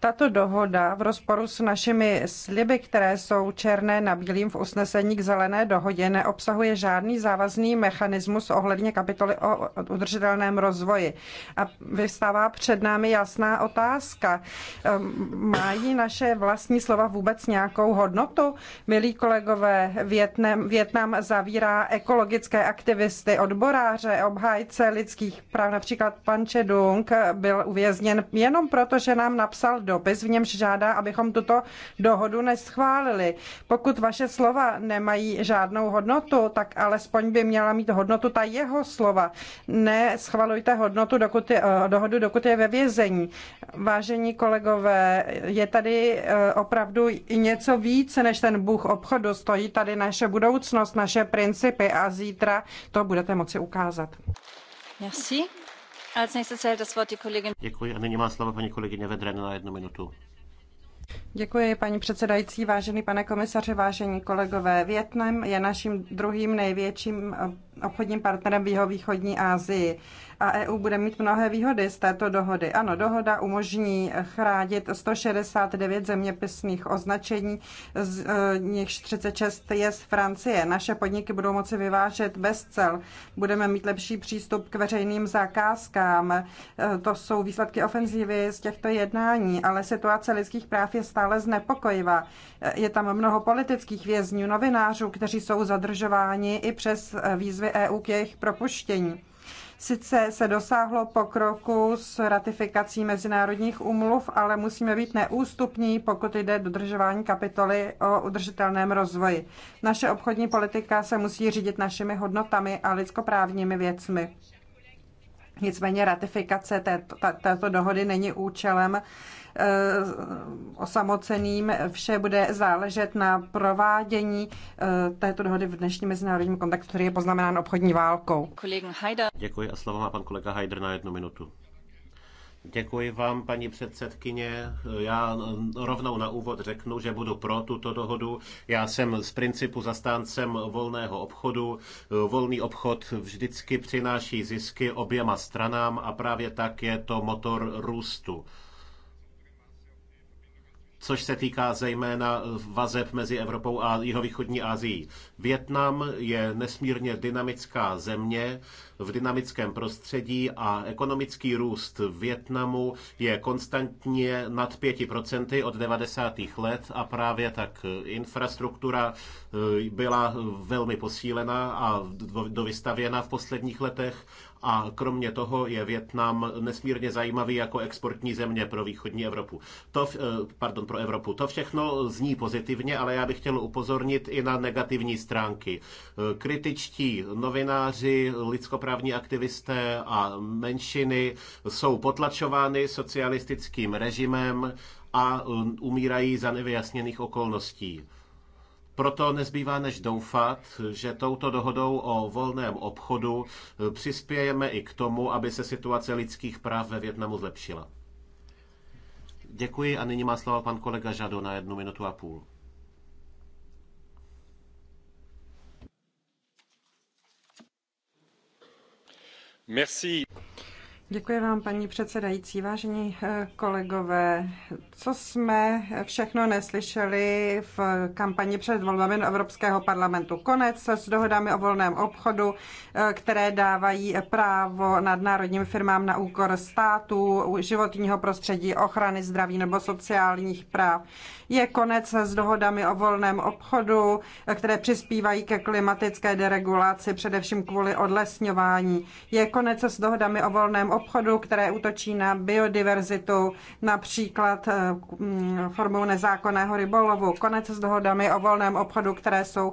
Tato dohoda v rozporu s našimi sliby, které jsou černé na bílým v usnesení k zelené dohodě, neobsahuje žádný závazný mechanismus ohledně kapitoly o udržitelném rozvoji. A vystává před námi jasná otázka. Ehm, mají naše vlastní slova vůbec nějakou hodnotu? Milí kolegové, Větnam, Větnam zavírá ekologické aktivisty, odboráře, obhájce lidských práv, například pan Čedung byl uvězněn jenom proto, že nám napsal dopis, v němž žádá, abychom tuto dohodu neschválili. Pokud vaše slova nemají žádnou hodnotu, tak alespoň by měla mít hodnotu ta jeho slova. Neschvalujte hodnotu, dokud je, eh, dohodu, dokud je ve vězení. Vážení kolegové, je tady eh, opravdu něco víc než ten bůh obchodu. Stojí tady naše budoucnost, naše principy a zítra to budete moci ukázat. Merci. Děkuji a nyní má slovo paní kolegyně Vedren na jednu minutu. Děkuji, paní předsedající, vážený pane komisaře, vážení kolegové. Větnam je naším druhým největším eh, obchodním partnerem v jihovýchodní Asii a EU bude mít mnohé výhody z této dohody. Ano, dohoda umožní chránit 169 zeměpisných označení, z e, nichž 36 je z Francie. Naše podniky budou moci vyvážet bez cel. Budeme mít lepší přístup k veřejným zakázkám. E, to jsou výsledky ofenzívy z těchto jednání, ale situace lidských práv je stále znepokojivá. E, je tam mnoho politických vězňů, novinářů, kteří jsou zadržováni i přes výzvy EU k jejich propuštění. Sice se dosáhlo pokroku s ratifikací mezinárodních umluv, ale musíme být neústupní, pokud jde dodržování kapitoly o udržitelném rozvoji. Naše obchodní politika se musí řídit našimi hodnotami a lidskoprávními věcmi. Nicméně ratifikace této, této dohody není účelem Eh, osamoceným. Vše bude záležet na provádění eh, této dohody v dnešním mezinárodním kontextu, který je poznamenán obchodní válkou. Děkuji a slovo má pan kolega Hajder na jednu minutu. Děkuji vám, paní předsedkyně. Já eh, rovnou na úvod řeknu, že budu pro tuto dohodu. Já jsem z principu zastáncem volného obchodu. Volný obchod vždycky přináší zisky oběma stranám a právě tak je to motor růstu což se týká zejména vazeb mezi Evropou a jihovýchodní Asií. Větnam je nesmírně dynamická země v dynamickém prostředí a ekonomický růst Větnamu je konstantně nad 5% od 90. let a právě tak infrastruktura eh, byla velmi posílena a dovystavěna v posledních letech a kromě toho je Větnam nesmírně zajímavý jako exportní země pro východní Evropu. To, eh, pardon, pro Evropu. To všechno zní pozitivně, ale já bych chtěl upozornit i na negativní stránky. Eh, kritičtí novináři, lidskoprávní aktivisté a menšiny jsou potlačovány socialistickým režimem a eh, umírají za nevyjasněných okolností. Proto nezbývá než doufat, že touto dohodou o volném obchodu eh, přispějeme i k tomu, aby se situace lidských práv ve Větnamu zlepšila. Děkuji a nyní má slovo pan kolega Žado na jednu minutu a půl. Merci. Děkuji vám, paní předsedající. Vážení eh, kolegové, co jsme všechno neslyšeli v kampani před volbami do Evropského parlamentu? Konec s dohodami o volném obchodu, eh, které dávají právo nadnárodním firmám na úkor států, životního prostředí, ochrany zdraví nebo sociálních práv. Je konec s dohodami o volném obchodu, eh, které přispívají ke klimatické deregulaci, především kvůli odlesňování. Je konec s dohodami o volném obchodu, obchodu, které útočí na biodiverzitu, například eh, mm, formou nezákonného rybolovu, konec s dohodami o volném obchodu, které jsou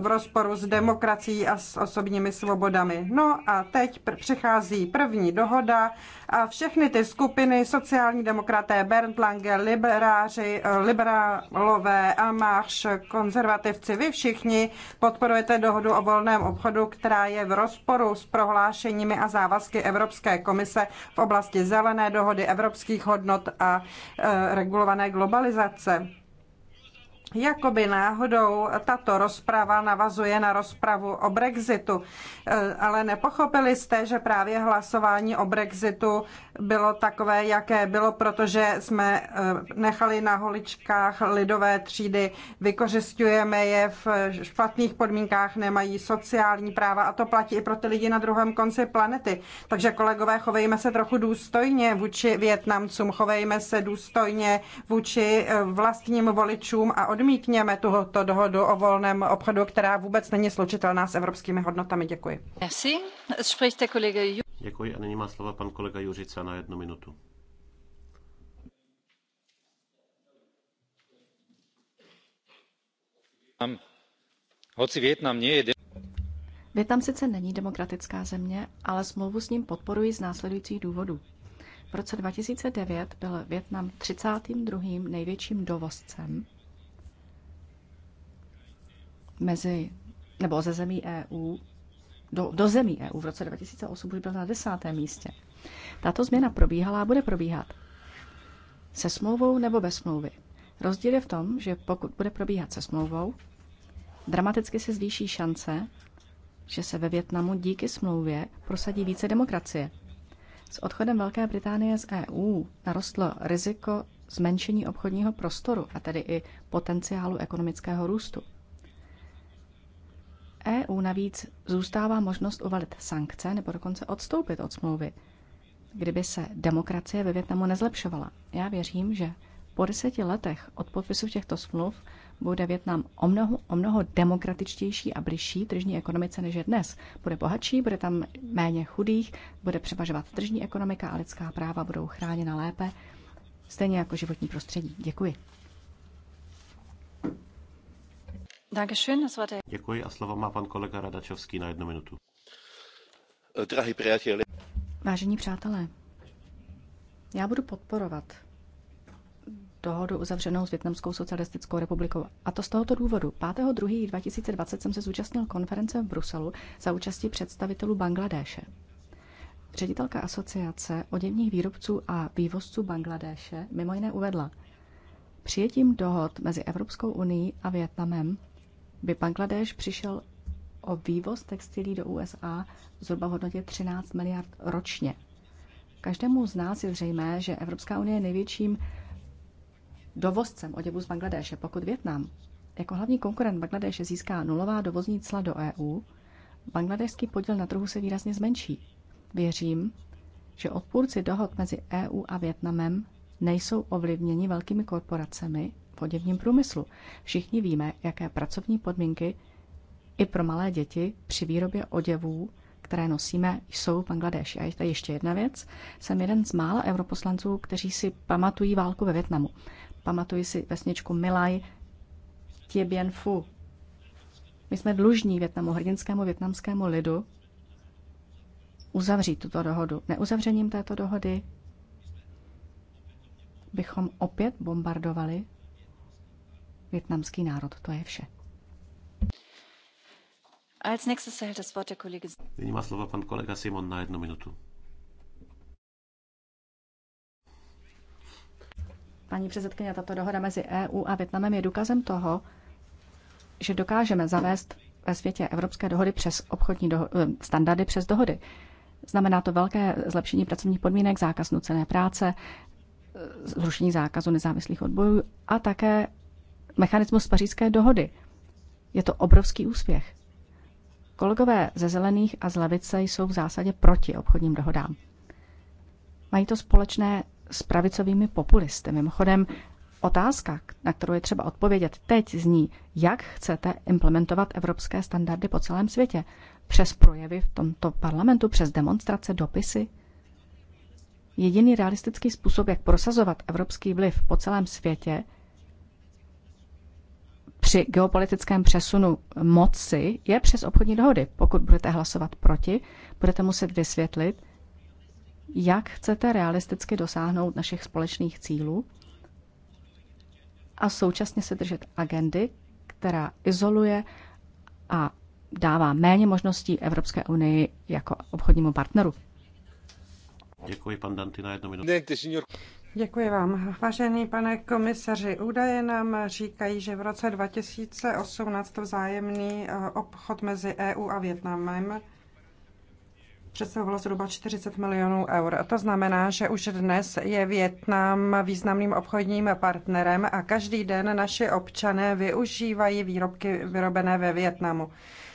v rozporu s demokracií a s osobními svobodami. No a teď přichází první dohoda a všechny ty skupiny, sociální demokraté, Bernd Lange, liberáři, eh, liberálové, Amáš, konzervativci, vy všichni podporujete dohodu o volném obchodu, která je v rozporu s prohlášeními a závazky Evropské komise v oblasti zelené dohody, evropských hodnot a eh, regulované globalizace. Jakoby náhodou tato rozprava navazuje na rozpravu o Brexitu, e, ale nepochopili jste, že právě hlasování o Brexitu bylo takové, jaké bylo, protože jsme e, nechali na holičkách lidové třídy, vykořistujeme je v špatných podmínkách, nemají sociální práva a to platí i pro ty lidi na druhém konci planety. Takže kolegové, chovejme se trochu důstojně vůči Větnamcům, chovejme se důstojně vůči e, vlastním voličům a od odmítněme tuto dohodu o volném obchodu, která vůbec není slučitelná s evropskými hodnotami. Děkuji. Děkuji a nyní má slovo pan kolega Juřica na jednu minutu. Hoci Větnam nie je... Větnam sice není demokratická země, ale smlouvu s ním podporuji z následujících důvodů. V roce 2009 byl Větnam 32. největším dovozcem mezi, nebo ze zemí EU, do, do zemí EU v roce 2008 už byl na desátém místě. Tato změna probíhala a bude probíhat. Se smlouvou nebo bez smlouvy. Rozdíl je v tom, že pokud bude probíhat se smlouvou, dramaticky se zvýší šance, že se ve Větnamu díky smlouvě prosadí více demokracie. S odchodem Velké Británie z EU narostlo riziko zmenšení obchodního prostoru a tedy i potenciálu ekonomického růstu. EU navíc zůstává možnost uvalit sankce nebo dokonce odstoupit od smlouvy, kdyby se demokracie ve Větnamu nezlepšovala. Já věřím, že po deseti letech od podpisu těchto smluv bude Větnam o mnoho, o mnoho demokratičtější a bližší tržní ekonomice než je dnes. Bude bohatší, bude tam méně chudých, bude převažovat tržní ekonomika a lidská práva budou chráněna lépe, stejně jako životní prostředí. Děkuji. Děkuji a slovo má pan kolega Radačovský na jednu minutu. Eh, Drahý přátelé. Vážení přátelé, já budu podporovat dohodu uzavřenou s Větnamskou socialistickou republikou. A to z tohoto důvodu. 5.2.2020 jsem se zúčastnil konference v Bruselu za účasti představitelů Bangladéše. Ředitelka asociace oděvních výrobců a vývozců Bangladéše mimo jiné uvedla, přijetím dohod mezi Evropskou unii a Větnamem by Bangladeš přišel o vývoz textilí do USA zhruba v hodnotě 13 miliard ročně. Každému z nás je zřejmé, že Evropská unie je největším dovozcem oděvu z Bangladeše. Pokud Větnam jako hlavní konkurent Bangladeše získá nulová dovozní cla do EU, bangladešský podíl na trhu se výrazně zmenší. Věřím, že odpůrci dohod mezi EU a Větnamem nejsou ovlivněni velkými korporacemi, oděvním průmyslu. Všichni víme, jaké pracovní podmínky i pro malé děti při výrobě oděvů, které nosíme, jsou v Bangladeši. A je ještě jedna věc. Jsem jeden z mála europoslanců, kteří si pamatují válku ve Větnamu. Pamatuji si vesničku Milaj Tie Bien Phu. My jsme dlužní Větnamu, hrdinskému větnamskému lidu, uzavřít tuto dohodu. Neuzavřením této dohody bychom opět bombardovali větnamský národ. To je vše. Nyní má slovo pan kolega Simon na jednu minutu. Paní předsedkyně, tato dohoda mezi EU a Větnamem je důkazem toho, že dokážeme zavést ve světě evropské dohody přes obchodní doho- eh, standardy přes dohody. Znamená to velké zlepšení pracovních podmínek, zákaz nucené práce, eh, zrušení zákazu nezávislých odbojů a také mechanismus pařížské dohody. Je to obrovský úspěch. Kolegové ze zelených a z levice jsou v zásadě proti obchodním dohodám. Mají to společné s pravicovými populisty. Mimochodem, otázka, na kterou je třeba odpovědět teď, zní, jak chcete implementovat evropské standardy po celém světě. Přes projevy v tomto parlamentu, přes demonstrace, dopisy? Jediný realistický způsob, jak prosazovat evropský vliv po celém světě, při geopolitickém přesunu moci je přes obchodní dohody. Pokud budete hlasovat proti, budete muset vysvětlit, jak chcete realisticky dosáhnout našich společných cílů a současně se držet agendy, která izoluje a dává méně možností Evropské unii jako obchodnímu partneru. Děkuji, pan Danty, na jednu minutu. Děkuji vám. Vážený pane komisaři, údaje nám říkají, že v roce 2018 vzájemný eh, obchod mezi EU a Větnamem představovalo zhruba 40 milionů eur. To znamená, že už dnes je Větnam významným obchodním partnerem a každý den naši občané využívají výrobky vyrobené ve Větnamu.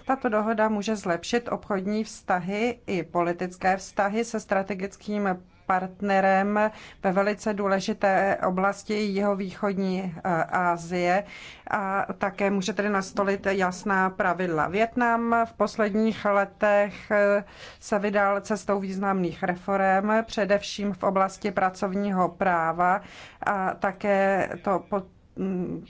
Tato dohoda může zlepšit obchodní vztahy i politické vztahy se strategickým partnerem ve velice důležité oblasti jeho východní eh, Asie a také může tedy nastolit jasná pravidla. Větnam v posledních letech eh, se vydal cestou významných reform, především v oblasti pracovního práva a také to pod mm,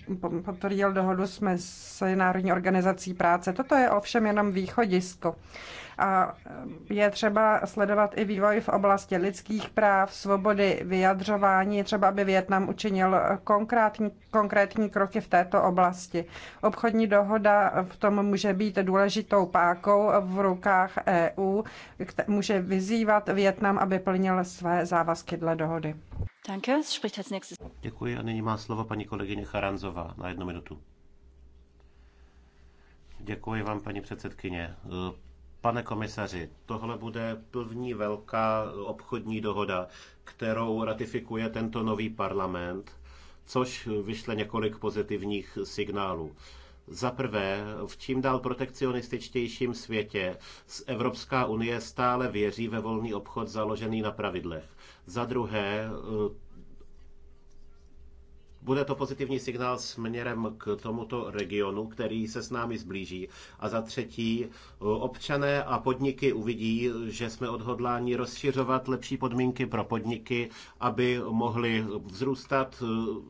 potvrdil dohodu s Mezinárodní organizací práce. Toto je ovšem jenom východisko. A eh, je třeba sledovat i vývoj v oblasti lidských práv, svobody vyjadřování, třeba aby Větnam učinil eh, konkrétní, konkrétní kroky v této oblasti. Obchodní dohoda eh, v tom může být důležitou pákou v rukách EU, může vyzývat Větnam, aby plnil své závazky dle dohody. Děkuji a nyní má slovo paní kolegyně Charanzová na jednu minutu. Děkuji vám, paní předsedkyně. Pane komisaři, tohle bude první velká obchodní dohoda, kterou ratifikuje tento nový parlament, což vyšle několik pozitivních signálů. Za prvé, v čím dál protekcionističtějším světě z Evropská unie stále věří ve volný obchod založený na pravidlech. Za druhé, bude to pozitivní signál směrem k tomuto regionu, který se s námi zblíží. A za třetí, občané a podniky uvidí, že jsme odhodláni rozšiřovat lepší podmínky pro podniky, aby mohli vzrůstat,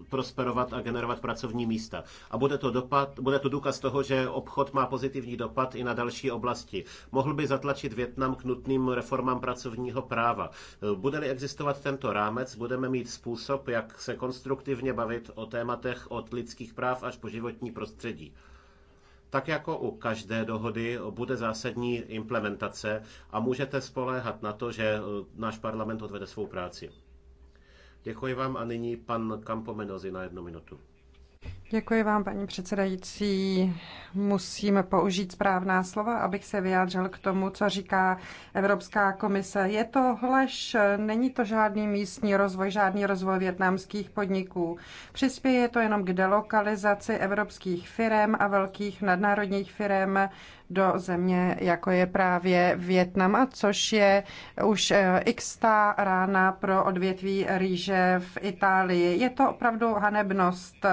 prosperovat a generovat pracovní místa. A bude to, dopad, bude to důkaz toho, že obchod má pozitivní dopad i na další oblasti. Mohl by zatlačit Větnam k nutným reformám pracovního práva. Bude-li existovat tento rámec, budeme mít způsob, jak se konstruktivně bavit mluvit o tématech od lidských práv až po životní prostředí. Tak jako u každé dohody bude zásadní implementace a můžete spoléhat na to, že eh, náš parlament odvede svou práci. Děkuji vám a nyní pan Campomenozi na jednu minutu. Děkuji vám, paní předsedající. Musím použít správná slova, abych se vyjádřil k tomu, co říká Evropská komise. Je to lež, není to žádný místní rozvoj, žádný rozvoj větnamských podniků. Přispěje to jenom k delokalizaci evropských firm a velkých nadnárodních firm do země, jako je právě Větnam, a což je už eh, x rána pro odvětví rýže v Itálii. Je to opravdu hanebnost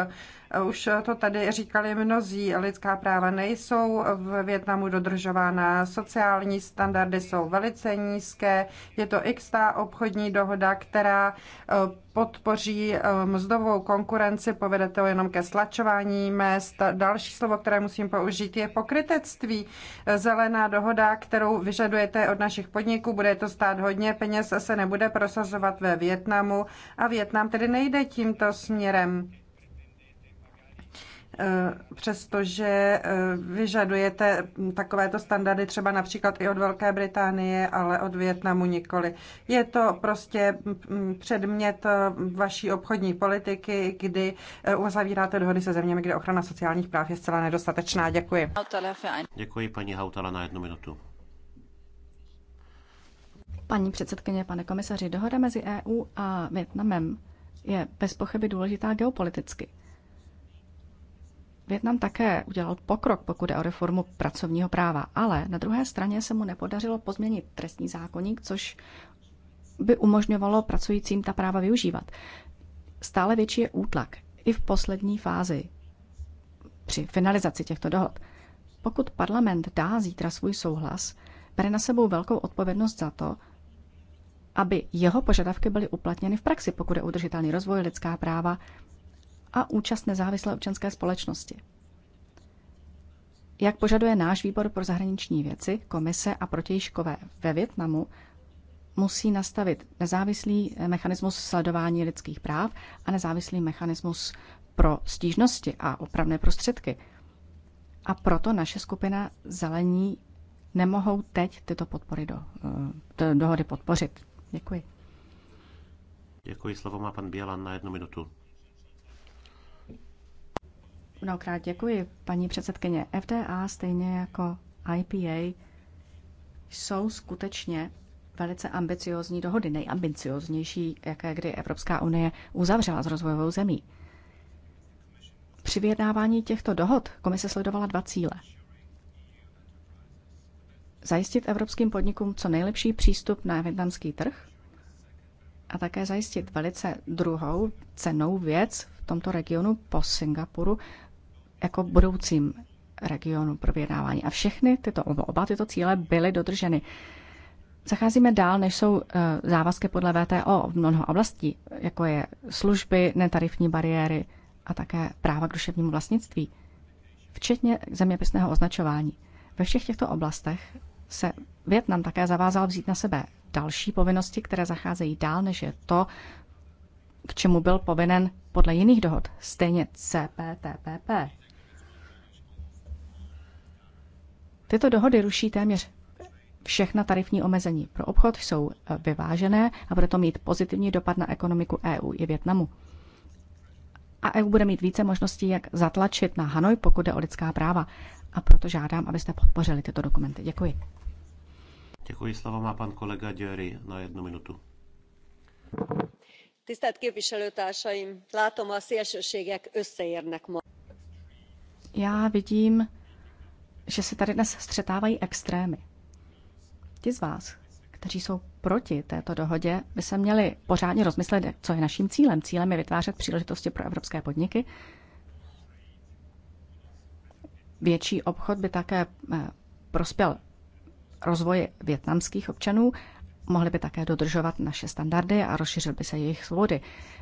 už to tady říkali mnozí, lidská práva nejsou v Větnamu dodržována, sociální standardy jsou velice nízké, je to xtá obchodní dohoda, která eh, podpoří eh, mzdovou konkurenci, povede to jenom ke slačování mest. Další slovo, které musím použít, je pokrytectví. Zelená dohoda, kterou vyžadujete od našich podniků, bude to stát hodně peněz, se nebude prosazovat ve Větnamu a Větnam tedy nejde tímto směrem. Eh, přestože eh, vyžadujete takovéto standardy třeba například i od Velké Británie, ale od Větnamu nikoli. Je to prostě mm, předmět eh, vaší obchodní politiky, kdy uzavíráte dohody se zeměmi, kde ochrana sociálních práv je zcela nedostatečná. Děkuji. Děkuji paní Hautala na jednu minutu. Paní předsedkyně, pane komisaři, dohoda mezi EU a Větnamem je bez pochyby důležitá geopoliticky – Větnam také udělal pokrok, pokud je o reformu pracovního práva, ale na druhé straně se mu nepodařilo pozměnit trestní zákonník, což by umožňovalo pracujícím ta práva využívat. Stále větší je útlak i v poslední fázi při finalizaci těchto dohod. Pokud parlament dá zítra svůj souhlas, bere na sebou velkou odpovědnost za to, aby jeho požadavky byly uplatněny v praxi, pokud je udržitelný rozvoj lidská práva a účast nezávislé občanské společnosti. Jak požaduje náš výbor pro zahraniční věci, komise a protějškové ve Větnamu, musí nastavit nezávislý mechanismus sledování lidských práv a nezávislý mechanismus pro stížnosti a opravné prostředky. A proto naše skupina zelení nemohou teď tyto podpory do, eh, do dohody podpořit. Děkuji. Děkuji. Slovo má pan Bělan na jednu minutu. Mnohokrát děkuji, paní předsedkyně. FDA stejně jako IPA jsou skutečně velice ambiciozní dohody, nejambicioznější, jaké kdy Evropská unie uzavřela s rozvojovou zemí. Při vyjednávání těchto dohod komise sledovala dva cíle. Zajistit evropským podnikům co nejlepší přístup na větnamský trh a také zajistit velice druhou cenou věc v tomto regionu po Singapuru, jako budoucím regionu pro vyjednávání. A všechny tyto, oba tyto cíle byly dodrženy. Zacházíme dál, než jsou eh, závazky podle VTO v mnoho oblastí, jako je služby, netarifní bariéry a také práva k duševnímu vlastnictví, včetně zeměpisného označování. Ve všech těchto oblastech se Větnam také zavázal vzít na sebe další povinnosti, které zacházejí dál, než je to, k čemu byl povinen podle jiných dohod, stejně CPTPP, Tyto dohody ruší téměř všechna tarifní omezení pro obchod, jsou eh, vyvážené a bude to mít pozitivní dopad na ekonomiku EU i Větnamu. A EU bude mít více možností, jak zatlačit na Hanoj, pokud jde o lidská práva. A proto žádám, abyste podpořili tyto dokumenty. Děkuji. Děkuji, slovo má pan kolega Děry na jednu minutu. a Já vidím, že se tady dnes střetávají extrémy. Ti z vás, kteří jsou proti této dohodě, by se měli pořádně rozmyslet, co je naším cílem. Cílem je vytvářet příležitosti pro evropské podniky. Větší obchod by také eh, prospěl rozvoji větnamských občanů, mohli by také dodržovat naše standardy a rozšířil by se jejich svobody.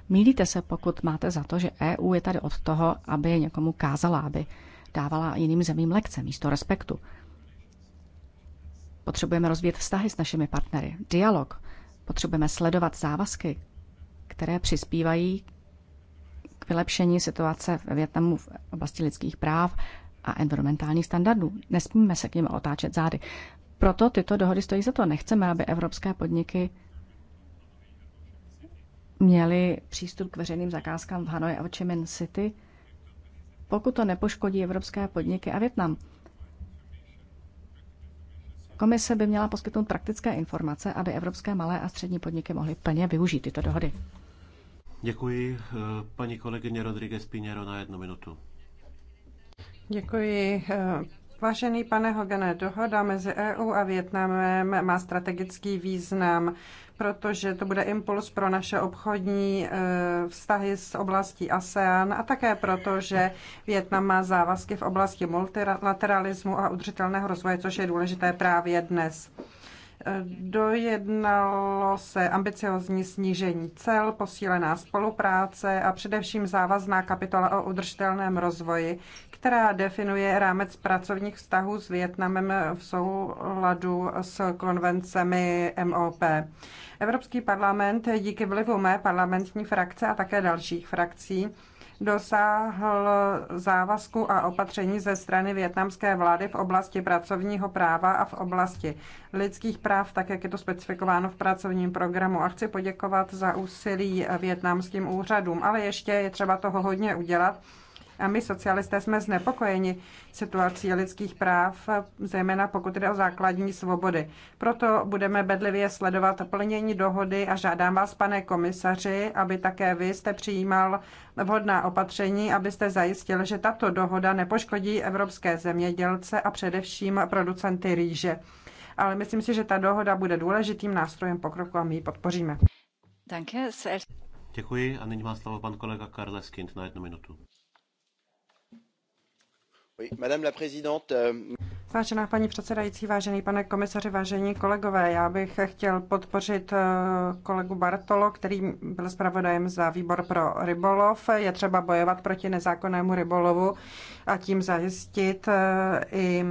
Mílíte se, pokud máte za to, že EU je tady od toho, aby někomu kázala, aby dávala jiným zemím lekce místo respektu. Potřebujeme rozvíjet vztahy s našimi partnery, dialog. Potřebujeme sledovat závazky, které přispívají k vylepšení situace ve Větnamu v oblasti lidských práv a environmentálních standardů. Nesmíme se k nim otáčet zády. Proto tyto dohody stojí za to. Nechceme, aby evropské podniky měly přístup k veřejným zakázkám v Hanoi a Ho Chi Minh City – pokud to nepoškodí evropské podniky a Větnam. Komise by měla poskytnout praktické informace, aby evropské malé a střední podniky mohly plně využít tyto dohody. Děkuji. Eh, paní kolegyně Rodríguez Piněro na jednu minutu. Děkuji, eh, Vážený pane Hogané, dohoda mezi EU a Větnamem má strategický význam, protože to bude impuls pro naše obchodní e, vztahy s oblastí ASEAN a také proto, že Větnam má závazky v oblasti multilateralismu a udržitelného rozvoje, což je důležité právě dnes. E, dojednalo se ambiciozní snížení cel, posílená spolupráce a především závazná kapitola o udržitelném rozvoji, která definuje rámec pracovních vztahů s Větnamem v souladu s konvencemi MOP. Evropský parlament díky vlivu mé parlamentní frakce a také dalších frakcí dosáhl závazku a opatření ze strany větnamské vlády v oblasti pracovního práva a v oblasti lidských práv, tak jak je to specifikováno v pracovním programu. A chci poděkovat za úsilí větnamským úřadům, ale ještě je třeba toho hodně udělat a my socialisté jsme znepokojeni situací lidských práv, zejména pokud jde o základní svobody. Proto budeme bedlivě sledovat plnění dohody a žádám vás, pane komisaři, aby také vy jste přijímal vhodná opatření, abyste zajistil, že tato dohoda nepoškodí evropské zemědělce a především producenty rýže. Ale myslím si, že ta dohoda bude důležitým nástrojem pokroku a my ji podpoříme. Děkuji a nyní má slovo pan kolega Karleskind na jednu minutu. Euh, Vážená paní předsedající, vážený pane komisaři, vážení kolegové, já bych chtěl podpořit eh, kolegu Bartolo, který byl zpravodajem za výbor pro rybolov. Je třeba bojovat proti nezákonnému rybolovu a tím zajistit eh, i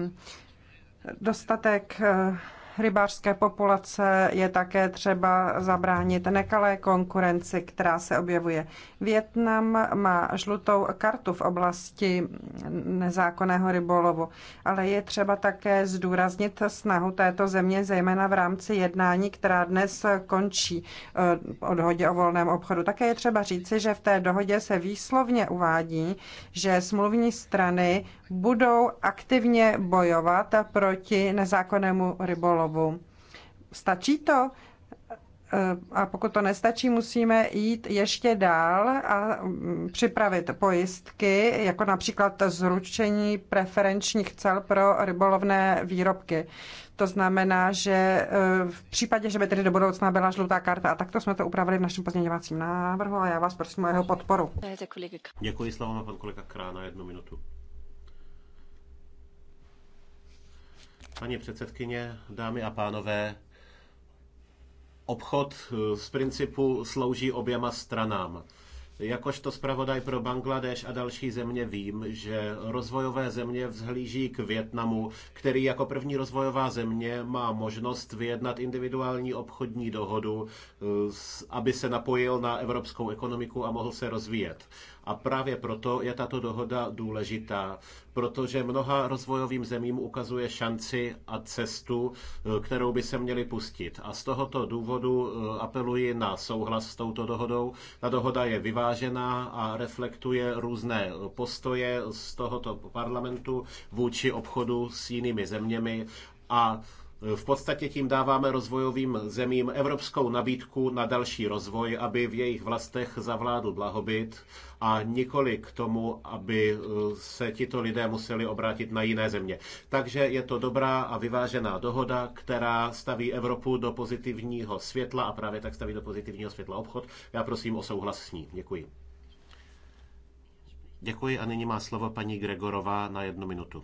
dostatek eh, rybářské populace je také třeba zabránit nekalé konkurenci, která se objevuje. Větnam má žlutou kartu v oblasti nezákonného rybolovu, ale je třeba také zdůraznit snahu této země, zejména v rámci jednání, která dnes končí eh, o dohodě o volném obchodu. Také je třeba říci, že v té dohodě se výslovně uvádí, že smluvní strany budou aktivně bojovat proti nezákonnému rybolovu. Stačí to? Eh, a pokud to nestačí, musíme jít ještě dál a mm, připravit pojistky, jako například zručení preferenčních cel pro rybolovné výrobky. To znamená, že eh, v případě, že by tedy do budoucna byla žlutá karta, a takto jsme to upravili v našem pozměňovacím návrhu a já vás prosím o jeho podporu. Děkuji, slovo má pan kolega Krána, jednu minutu. Paní předsedkyně, dámy a pánové, obchod eh, z principu slouží oběma stranám. Jakožto zpravodaj pro Bangladeš a další země vím, že rozvojové země vzhlíží k Větnamu, který jako první rozvojová země má možnost vyjednat individuální obchodní dohodu, eh, aby se napojil na evropskou ekonomiku a mohl se rozvíjet. A právě proto je tato dohoda důležitá, protože mnoha rozvojovým zemím ukazuje šanci a cestu, eh, kterou by se měli pustit. A z tohoto důvodu eh, apeluji na souhlas s touto dohodou. Ta dohoda je vyvážená a reflektuje různé eh, postoje z tohoto parlamentu vůči obchodu s jinými zeměmi a v podstatě tím dáváme rozvojovým zemím evropskou nabídku na další rozvoj, aby v jejich vlastech zavládl blahobyt a nikoli k tomu, aby eh, se tito lidé museli obrátit na jiné země. Takže je to dobrá a vyvážená dohoda, která staví Evropu do pozitivního světla a právě tak staví do pozitivního světla obchod. Já prosím o souhlas s ní. Děkuji. Děkuji a nyní má slovo paní Gregorová na jednu minutu.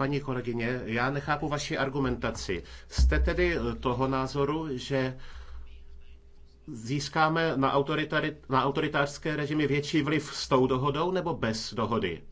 Paní kolegyně, já nechápu vaši argumentaci. Jste tedy eh, toho názoru, že získáme na, na autoritářské režimy větší vliv s tou dohodou nebo bez dohody?